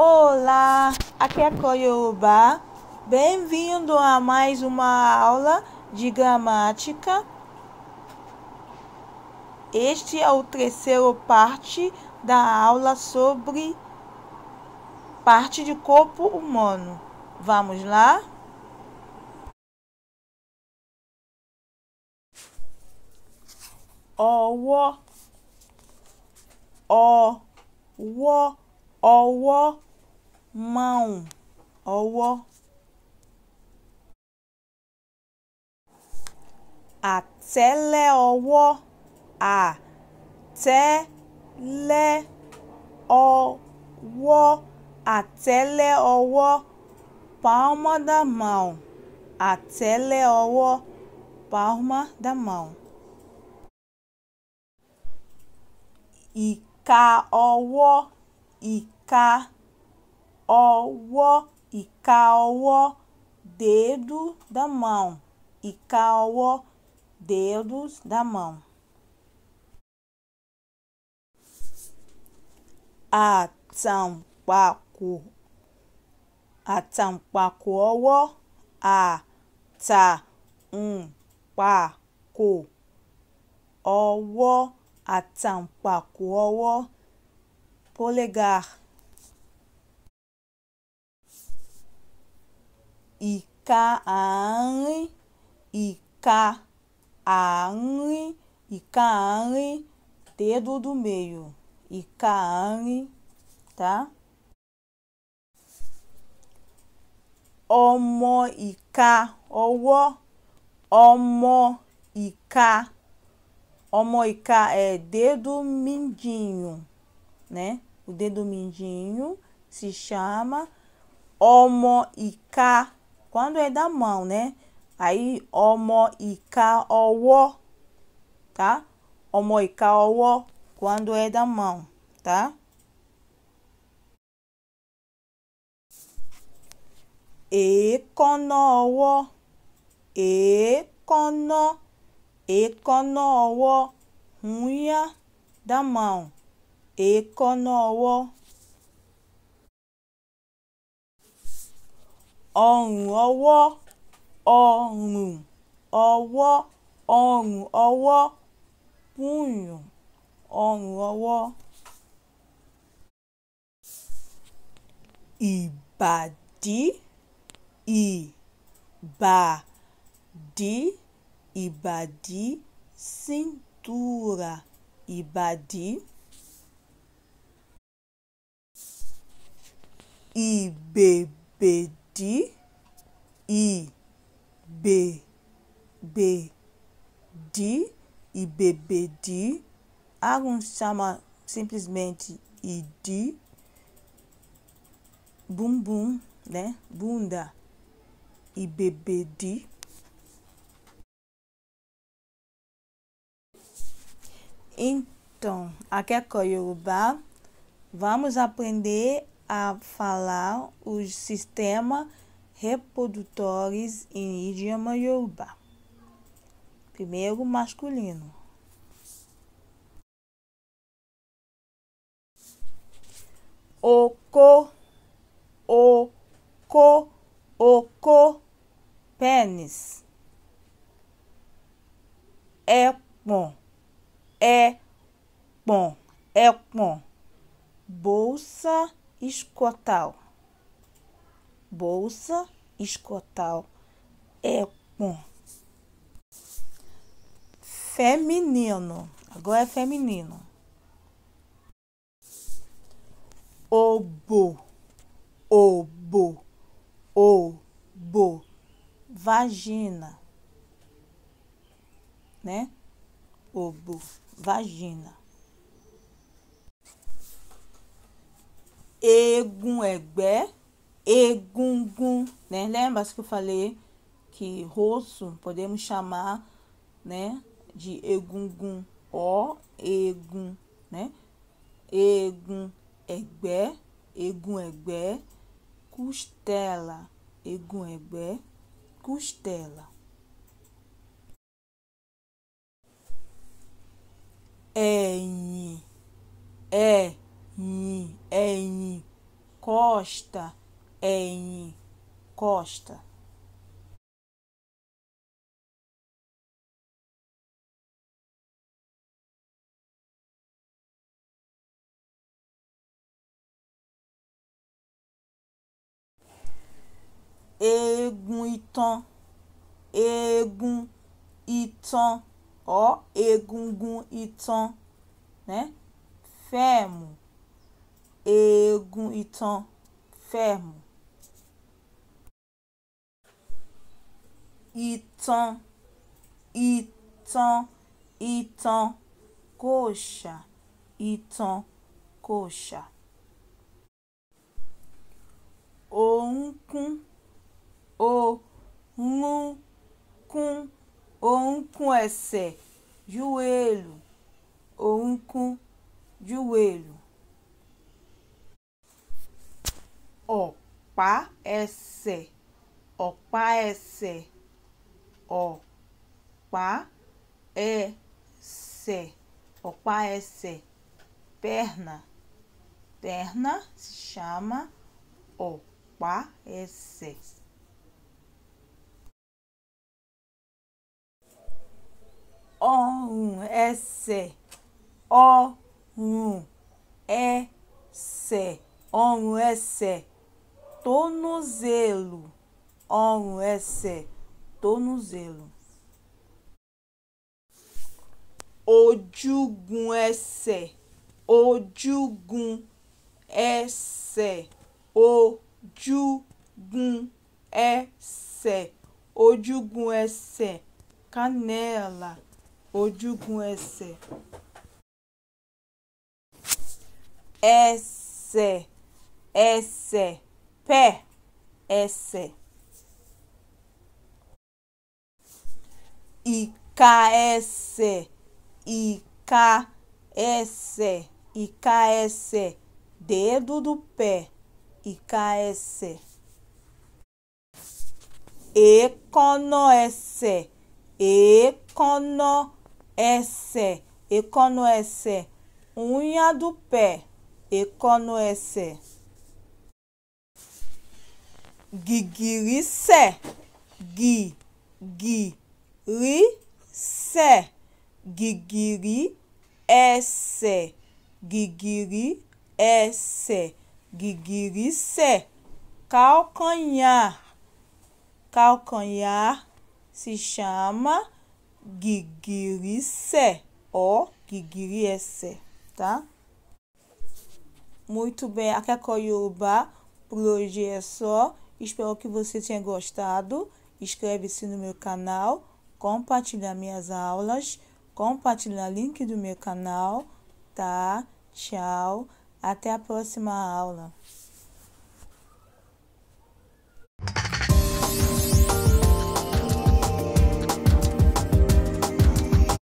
Olá, aqui é a Coyobá. Bem-vindo a mais uma aula de gramática. Este é o terceiro parte da aula sobre parte de corpo humano. Vamos lá? Ọwọ́, o ọwọ́. márùn ọwọ́ àtẹ́lẹ̀ ọwọ́ àtẹ́lẹ̀ ọwọ́ àtẹ́lẹ̀ ọwọ́ palma da mão àtẹ́lẹ̀ ọwọ́ palma da mão. ìka ọwọ́ ìka ọwọ́ ìka ọwọ́ dedo da mão ìka ọwọ́ dedos da mão. àtàǹpàkò àtàǹpàkò ọwọ́ àtàǹpàkò ọwọ́ àtàǹpàkò ọwọ́ polegar. e caang e caang e caang dedo do meio e caang tá ọmọ omo e ọmọ ìka e ìka é dedo mindinho né o dedo mindinho se chama e ìka quando é da mão, né? Aí, omo e ka wo tá? Omo e ka wo quando é da mão, tá? e ọwọ́, e èékánná wo unha da mão, èékánná ọwọ́. ọrùn ọwọ́ ọrùn ọwọ́ ọrùn ọwọ́ púùyùn ọrùn ọwọ́. ìbàdí ìbàdí ìbàdí cintura ìbàdí. ìbèbèdí. de e b b de e bebê de alguns chama simplesmente e de bumbum né bunda e bebê de então aqui é Yorubá vamos aprender a falar os sistemas reprodutores em idioma Yoruba. Primeiro, masculino. Oko, o co pênis. É bom, é bom, é bom. Bolsa escotal. Bolsa escotal é um feminino. Agora é feminino. Obo, obo, obo, vagina, né? Obo, vagina. egun ẹ̀gbẹ́, egungun, né? Lembra-se que eu falei que rosto podemos chamar, né, de egungun, ó, egun, né? Egun ẹ̀gbẹ́, egun ẹ̀gbẹ́, costela, egun ẹ̀gbẹ́, costela. Ẹ̀yìn Costa em Costa. egun itan egun itan ó egungun itan né femo egun itan ferme. Ìtàn ìtàn ìtàn kòòṣà ìtàn kòòṣà. Orúnkún orúnkún orúnkún ẹsẹ̀ júwe èlù orúnkún júwe ọ̀pá ẹsẹ̀ ọ̀pá ẹsẹ̀ ọ̀pá ẹsẹ̀ ọ̀pá ẹsẹ̀ perna perna se chama ọ̀pá ẹsẹ̀. ọrùn ẹsẹ̀ ọrùn ẹsẹ̀ ọrùn ẹsẹ̀. tornozelo o s e, tornozelo ojúgun ẹsẹ̀ e, ojúgun ẹsẹ̀ e, ojúgun ẹsẹ̀ ojúgun ẹsẹ̀ canela ojúgun ẹsẹ̀ ẹsẹ̀ ẹsẹ̀. pé S I K S I K S I K S dedo do pé I K S Econo S S S unha do pé Econo S Guiguiricé. Guiguiricé. Guiguiri esse. Guiguiri esse. sé Calcanhar. Calcanhar se chama guiguiricé ou guiguiriece, tá? Muito bem, akẹ́kọ̀ọ́ Yorùbá, é por hoje é só. Espero que você tenha gostado. Inscreve-se no meu canal, compartilha minhas aulas, compartilha o link do meu canal, tá? Tchau, até a próxima aula.